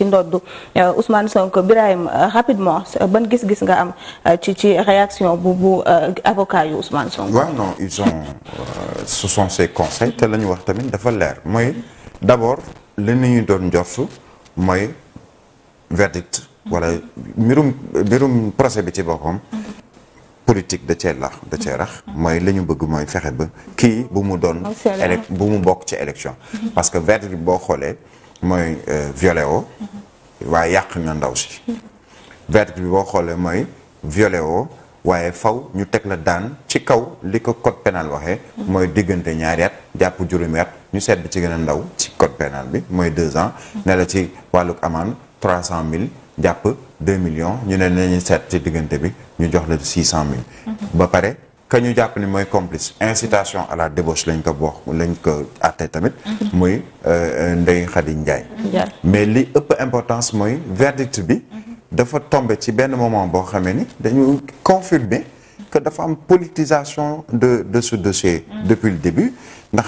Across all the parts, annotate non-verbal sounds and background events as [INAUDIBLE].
ci ndoddu euh, Ousmane Sonko Birahim euh, rapidement euh, ban gis-gis nga am ci ci réaction bu bu avocat yu Ousmane Sonko. waaw non ils ont ce sont ces te la ñu wax tamit dafa leer mooy d'abord li ñu doon njortu mooy verdict wala mbirum mbirum procès bi ci boppam. politique da cee lax da cee rax mooy li ñu bëgg mooy fexe ba kii bu mu doon. bu mu bokk ci élection. Mhm. parce que verdict boo xoolee. mooy euh, violé woo waaye yàq nga ndaw si verdict bi boo xoolee mooy violé woo waaye faw ñu teg la daan ci kaw li ko code pénal waxee mooy diggante ñaari at jàpp juróomi at ñu seet ci gën a ndaw ci code pénal bi mooy deux ans ne la ci wàlluk amende trois cent mille jàpp deux millions ñu ne nañu seet ci diggante bi ñu jox la six cent mille ba pare ka ñu jàpp ni mooy complice incitation à la débauche lañ ko wax lañ ko àttee tamit muy euh, Ndeye Khady Ndiaye mais li ëpp importance mooy verdict bi dafa tombe ci benn moment boo xamee ni dañu confirmer que dafa am politisation de de ce dossier depuis le début ndax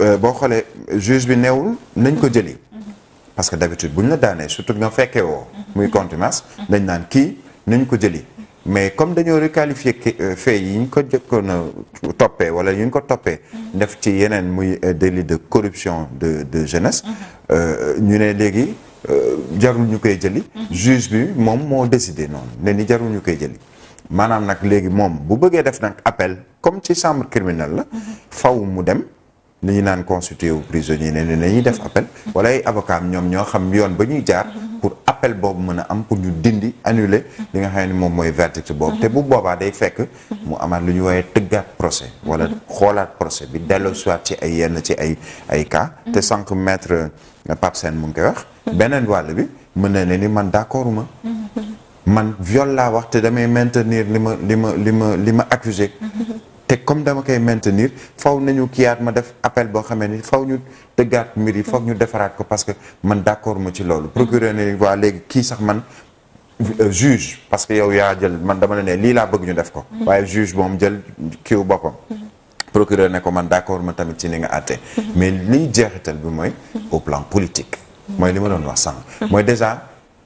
euh, boo xoolee juge bi neewul nañ ko jël parce que d'habitude bu ñu la daanee surtout nga fekkee woo muy contumace dañ naan kii nañ ko jëli mais comme dañoo requalifier euh, fait yi ñu ko jëkkoon a toppee wala yi ñu ko toppee. def ci yeneen muy euh, délit de corruption de de jeunesse. Mhm. Euh, ñu ne léegi jarul ñu koy jëli. Mhm. juge bi moom moo décidé noonu ne ni jarul ñu koy jëli. maanaam nag léegi moom bu bëggee def nag appel comme ci chambre criminelle la. Mhm. faw mu dem. li ñu naan constitué wu prisonnier ne ne ñuy def appel. wala ay avocats ñoom ñoo xam yoon ba ñuy jaar. pour appel boobu mën a am pour ñu dindi annuler li nga xam ne moom mooy verdict boobu mhm. te bu boobaa day fekk mu amaat lu ñu woowee tëggaat procès wala mhm. xoolaat procès bi delloo soit ci ay yenn ci ay ay cas mhm. te sànq maître euh, Pape Sène mu ngi koy wax beneen wàll bi mën na ne ni man d'accord ma man viol laa wax te damay maintenir li ma li ma li ma li ma accusé te comme dama koy maintenir faw nañu kiyaat ma def appel boo xamee ni faw ñu dëggaat mbir yi faw ñu defaraat ko parce que man d'accord ma ci loolu procureur ne waa léegi kii sax man euh, juge parce que yow yaa jël man dama la ne lii laa bëgg ñu def ko waaye juge moom jël kiw boppam procureur ne ko man d'accord ma tamit ci ni nga àtte mais liy jeexital bi mooy au plan politique mooy li ma doon wax sànq mooy déjà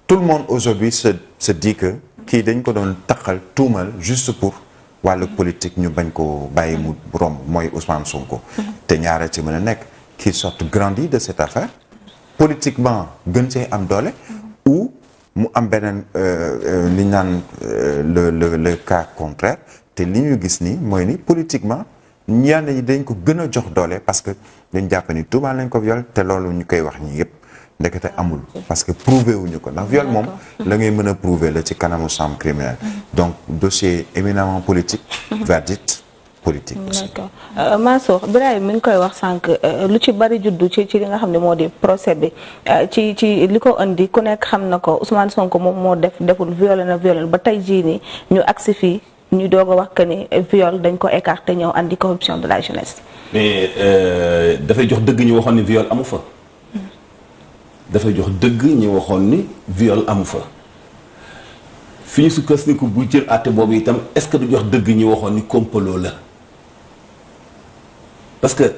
tout le monde aujourd'hui se se dit que kii dañ ko doon taqal tuumal juste pour wàllu politique ñu bañ koo bàyyi mu romb mooy Ousmane ko te ñaara ci mën a nekk qu'il sorte grandi de cette affaire politiquement gën see am doole ou mu am beneen euh, euh, li naan euh, le le le cas contraire te li ñu gis nii mooy ni politiquement ñenn ñi dañ ko gën a jox doole parce que dañ jàpp ni tuumaal nañ ko viol te loolu ñu koy wax ñii yëpp ndekete amul parce que prouver wu ñu ko ndax viol moom la ngay mën a prouver la ci kanamu chambre criminelle mm-hmm. donc dossier éminemment politique mm-hmm. verdict politique aussi. d'accord euh, Mansour Birahim mi ngi koy wax sànq euh, lu ci bari juddu ci ci li nga xam ne moo di procès bi euh, ci ci li ko indi ku nekk xam na ko Ousmane Sonko moom moo def deful violé na ba tey jii nii ñu agsi fii ñu doog a wax que ni viol dañ ko écarté ñëw andi corruption de la jeunesse. mais dafay jox dëgg ñu waxoon ni viol amu fa. dafay jox dëgg ñu waxoon ni viole amu fa fi ñu sukkandiku bu jël àtte boobu itam est-ce que du jox dëgg ñu waxoon ni complot la parce que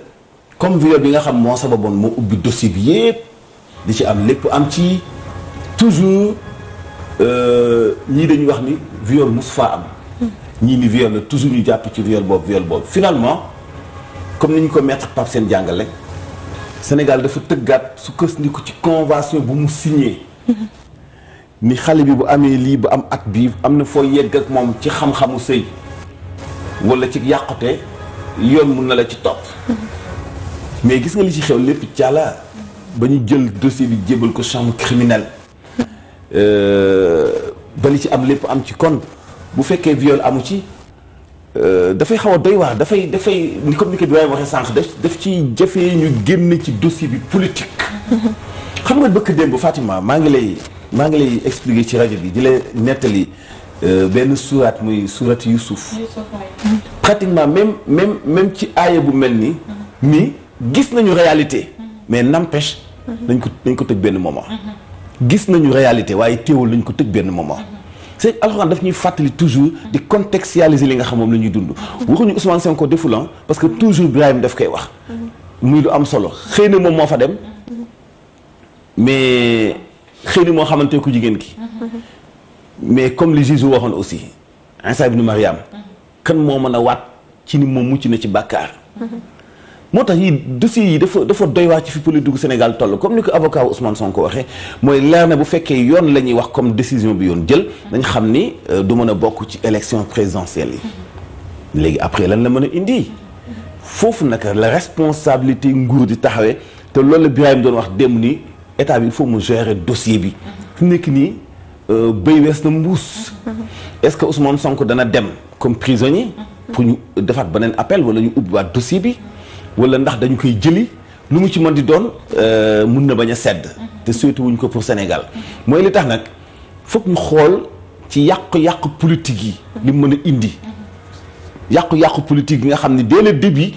comme viol bi nga xam moo sababoon moo ubbi dossier bi yépp di ci am lépp am ci toujours euh, ñii dañuy wax ni viol mus am ñii ni viol la toujours ñu jàpp ci viol boobu viol boobu finalement comme ni ñu ko mettre Pape seen jàngale Sénégal dafa tëggaat su kës ni ko ci convention bu mu signé. ni xale bi bu amee lii bu am at bii am na foo yegg ak moom ci xam-xamu sëy wala ci yàqute yoon mun na la ci topp. mais gis nga li ci xew lépp càlla ba ñu jël dossier bi jébal ko chambre criminelle euh, ba li ci am lépp am ci kon bu fekkee viol amu ci. Euh, dafay xaw a doy waar dafay dafay ni communiqué bi waaye waxee sànq def ci jafee ñu génn ci dossier bi politique. [LAUGHS] xam nga bëkk démb Fatima maa ngi lay maa ngi lay expliquer ci rajo bi di la nettali euh, benn suuraat muy suuraat Yuusuf pratiquement même même même ci aaya bu mel ni mhm. ni gis nañu réalité mhm. mais n'empêche mhm. nañ ko nañ ko tëj benn moment gis nañu réalité waaye teewul nañ ko tëj benn moment sëñ alxuraan daf ñuy fàttali toujours di contextualiser li nga xam moom la ñuy dund. waxuñu Ousmane defulan ah, parce que toujours Birahim daf koy wax. muy lu am solo xëy na moom moo fa dem. mais xëy na moo xamante ku jigéen ki. mais comme li Jésus waxoon aussi. Isa ibnu Mariam. kan moo mën a waat ci ni moom mucc na ci bàkkaar. moo tax yi dossiers yi dafa dafa doy waa ci fi politique Sénégal toll comme ni ko avocat Ousmane Sonko waxee mooy leer na bu fekkee yoon la ñuy wax comme décision bi yoon jël dañ xam ni euh, du mën a bokk ci élection présidentielle yi léegi après lañ la mën a indi foofu nag la responsabilité nguur di taxawee te loolu la Birahim doon wax démb ni état bi il faut mu gérer dossier bi fi nekk nii euh, béy wees na mbuus est-ce que Ousmane Sonko dana dem comme prisonnier pour ñu defaat beneen appel wala ñu ubbiwaat dossier bi wala ndax dañu koy jëli lu mu ci mën di doon euh, mun na bañ a sedd mhm. te souhaité wuñ ko pour senegal mooy li tax nag foog ñu xool ci yàqu-yàqu politique yi li mu mën a indi mhm. yàqu-yàqu politique yi nga xam ne dès le début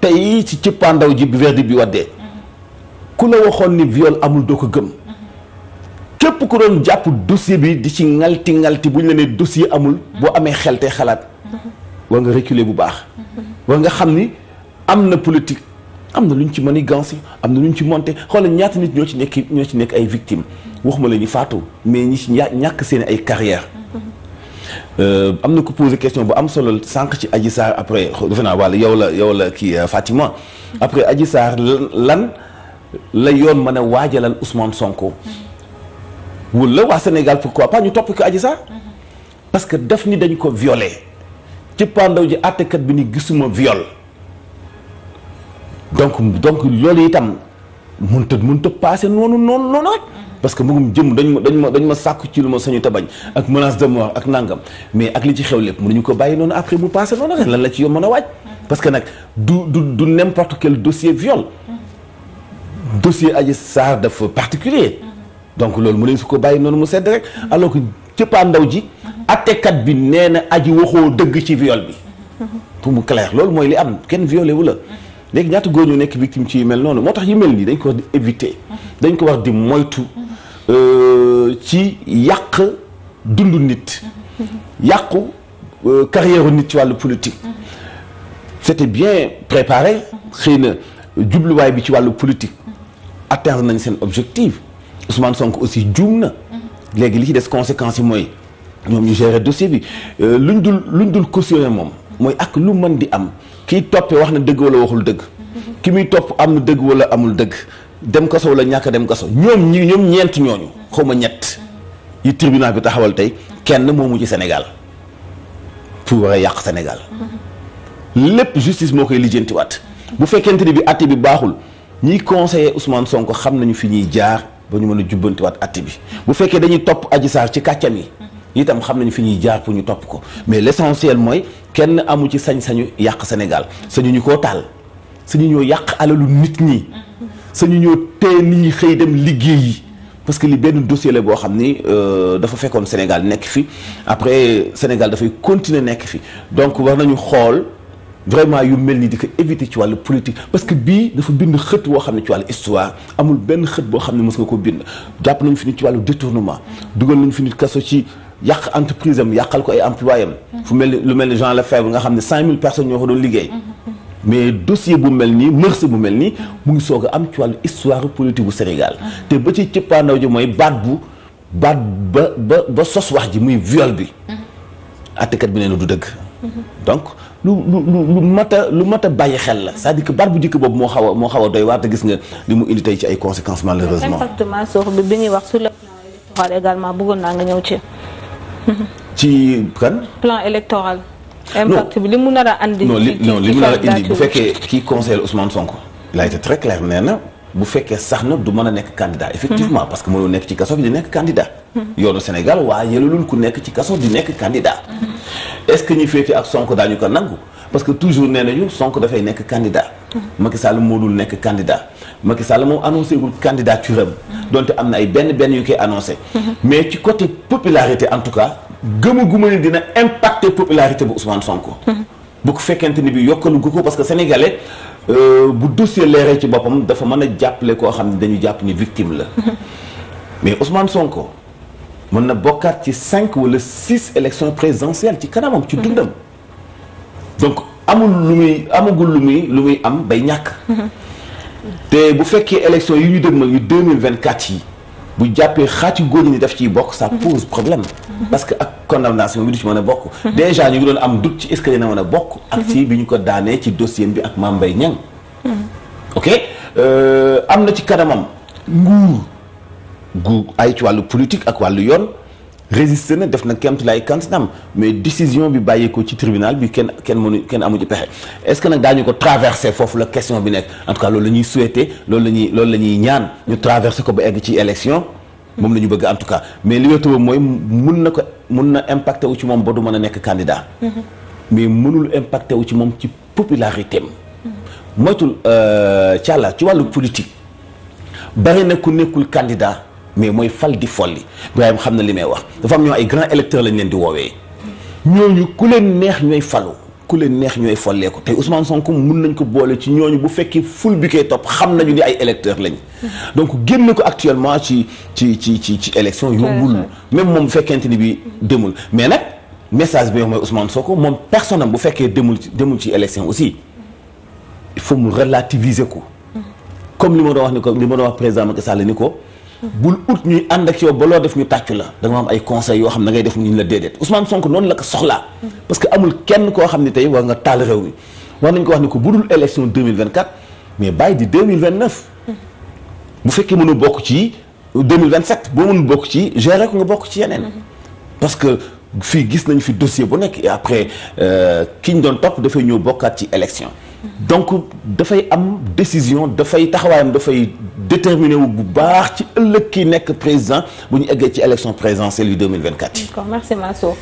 tey ci cëppaandaw ji bi verdict bi waddee mhm. ku la waxoon ni viol amul doo ko gëm képp ku doon jàpp dossier bi di ci ngalti ngalti bu ñu la nee dossier amul boo amee xel te xalaat war nga reculer bu baax war nga xam ni am na politique am na lu ñu ci mën a gancé am na lu ñu ci monte xoolal ñaata nit ñoo ci nekk ñoo ci nekk ay victimes waxuma la ñu faatu mais ñi ci ñàkk seen ay carrière euh, am na ko posé question bu am solo sànq ci Adji Sarr après defe naa wàll yow la yow la kii euh, Fatima après Adji Sarr lan la yoon mën a waajalal Ousmane Sonko wala waa Sénégal pourquoi pas ñu topp ko Adji Sarr parce que daf ni dañ ko violé ci pandaw ji àttekat bi ni gisuma viol donc donc loolu itam mënut a mënut a paase noonu noonu noonu rek. parce que mugum jëm dañ ma dañ ma dañ ma sàkku ci lu ma sañu bañ ak menace de mort ak nangam mais ak li ci xew lépp mënuñu ko bàyyi noonu après mu paase noonu rek lan la ci yow mën a waaj. parce que nag du du du n'importe quel dossier viol. dossier Adji Sarr dafa particulier donc loolu mënuñu su ko bàyyi noonu mu sedd rek alors que cëppaa ndaw ji. attekat bi nee na aji waxoo dëgg ci viol bi. pour mu clair loolu mooy li am kenn violé wu léegi ñaata goo ñu nekk victime ci yu mel noonu moo tax yu mel nii dañ ko war di éviter dañ ko war di moytu euh, ci yàq dundu nit yàqu euh, carrière nit ci wàllu politique c'était bien préparé xëy na jubluwaay bi ci wàllu politique atteindre nañ seen objectif Ousmane Sonko aussi juum na léegi li ci des conséquences yi mooy ñoom ñu gérer dossier bi euh, luñ dul luñ dul cautionné moom mooy ak lu mën di am kiy toppee wax na dëgg wala waxul dëgg ki muy topp am na dëgg wala amul dëgg dem kaso wala ñàkk dem kaso ñoom ñi ñoom ñeent ñooñu xaw ma ñett yi tribunal bi taxawal tey kenn moo mu ci senegal pour war a yàq Sénégal lépp justice moo koy lijjantiwaat bu fekkente ni bi àtte bi baaxul ñiy conseiller Ousmane sonk xam nañu fi ñuy jaar ba ñu mën a jubbantiwaat àtte bi bu fekkee dañuy topp Adji Sarr ci kàccam yi itam xam nañu fi ñuy jaar ñu topp ko mais l'essentiel mooy kenn amu ci sañ-sañu yàq Sénégal sañu ñu koo taal sañu ñoo yàq alalu nit ñi sañu ñoo tee nit ñi xëy dem liggéey yi parce que li benn dossier la boo xam ni euh, dafa fekkoon Sénégal nekk fi après Sénégal dafay continuer nekk fi donc war nañu xool vraiment yu mel ni di ko éviter ci wàllu politique parce que bii dafa bind xët woo xam ne ci wàllu histoire amul benn xët boo xam ne mës nga ko bind jàpp nañ fi nit ci wàllu détournement dugal nañ fi nit kaso yàq entreprise am yàqal ko ay employé am. fu mel ni lu mel ni Jean Lefebvre nga xam ne 5000 personnes ñoo ko doon liggéey. mais dossier bu mel nii merci bu mel nii mu ngi soog am ci wàllu histoire politique bu Sénégal. te ba ci cëppaandaw ji mooy baat bu baat ba ba ba sos wax ji muy viol bi. àttekat bi nee na du dëgg. donc lu lu lu mat a lu mat a bàyyi xel la c'est-à-dire que baat bu njëkk boobu moo xaw a moo xaw a doy waar gis nga li mu indi tey ci ay conséquences malheureusement. impact bi ci kan. plan électoral. impact bi li mu nar a andi. non li non li indi bu fekkee kii conseil Ousmane Sonko. il a été très clair nee bu fekkee sax na du mën a nekk candidat. Hmm. effectivement parce que mënoo nekk ci kaso bi di nekk candidat. Hmm. yoonu Sénégal waa yëlalul ku nekk ci kaso di nekk candidat. Hmm. est-ce que ñu féete ak Sonko daañu ko nangu parce que toujours nee nañu Sonko dafay nekk candidat. Macky Sall moo dul nekk candidat Macky Sall moom annoncé gul candidature am donte am na ay benn benn yu koy annoncé mais ci côté popularité en tout cas gëmaguma ne dina impacter popularité bu Ousmane Sonko bu ko fekkente ni bi yokkalu gu ko parce que sénégalais euh, bu dossier leeree ci boppam dafa mën a jàppale koo xam ne dañu jàpp ni victime la mais Ousmane Sonko mën na bokkaat ci cinq wala six élections présidentielles ci kanamam ci dundam amul lu muy amagul lu muy lu muy am bay ñàkk. [LAUGHS] te bu fekkee élection yi ñu dëgmal yu 2024 yi bu jàppee xaati góor ñi def ciy bokk ça [LAUGHS] pose problème [LAUGHS] parce que ak condamnation bi du ci mën a bokk. déjà ñu ngi doon am doute ci est na que a bokk. ak ci bi ñu ko daanee ci dossier bi ak Mame Mbaye Niang. ok euh, am na ci kanamam nguur gu ay ci wàllu politique ak wàllu yoon. résister na def na kéemtulaay kantinam mais décision bi bàyyeekoo ci tribunal bi kenn kenn mënu kenn amu ci pexe est-ce que nag daañu ko traverser foofu la question bi nekk en tout cas loolu la ñuy loolu la ñuy ñaan ñu traverser ko ba egg ci élection moom la ñu bëgg en tout cas mais li wétuba mooy mun na ko mun na impacté wu ci moom ba du mën a nekk candidat mais mënul impacté wu ci moom ci popularité am moytul càlla euh, ci wàllu politique bari na ku nekkul candidat mais mooy fal di folli Ibrahima xam na li may wax dafa am ñoo ay grand électeur lañ leen di woowee ñu ku leen neex ñooy falu ku leen neex ñooy follee ko te Ousmane Sonko mun nañ ko boolee ci ñooñu bu fekkee ful bi koy topp xam nañu ni ay électeurs lañ. donc génn ko actuellement ci ci ci ci ci élection yombul. même moom bu fekkente ni bi demul. mais nag message bi mooy Ousmane Sonko moom personne am bu fekkee demul demul ci élection aussi il faut mu relativiser ko. Mm. comme li ma wax ni ko li ma président Macky Sall ko. bul ut ñuy ànd ak yow ba def ñu tàccu la da nga am ay conseil yoo xam ne ngay def ñu la déedéet Ousmane Sonko noonu la ko soxlaa parce que amul kenn koo xam ne tey war nga taal réew mi war nañ ko wax ni ko bu dul élection 2024 mais bàyyi di 2029 bu fekkee mënu bokk ci 2027 boo mënu bokk ci gérer ko nga bokk ci yeneen parce que fii gis nañ fi dossier bu nekk et après euh, ki ñu doon topp dafay ñëw bokkaat ci élection donc dafay am décision dafay taxawaayam dafay déterminer wu bu baax ci ëllëg ki nekk président bu ñu eggee ci élection présidentielle yu 2024 yi. D'accord, merci Mansour.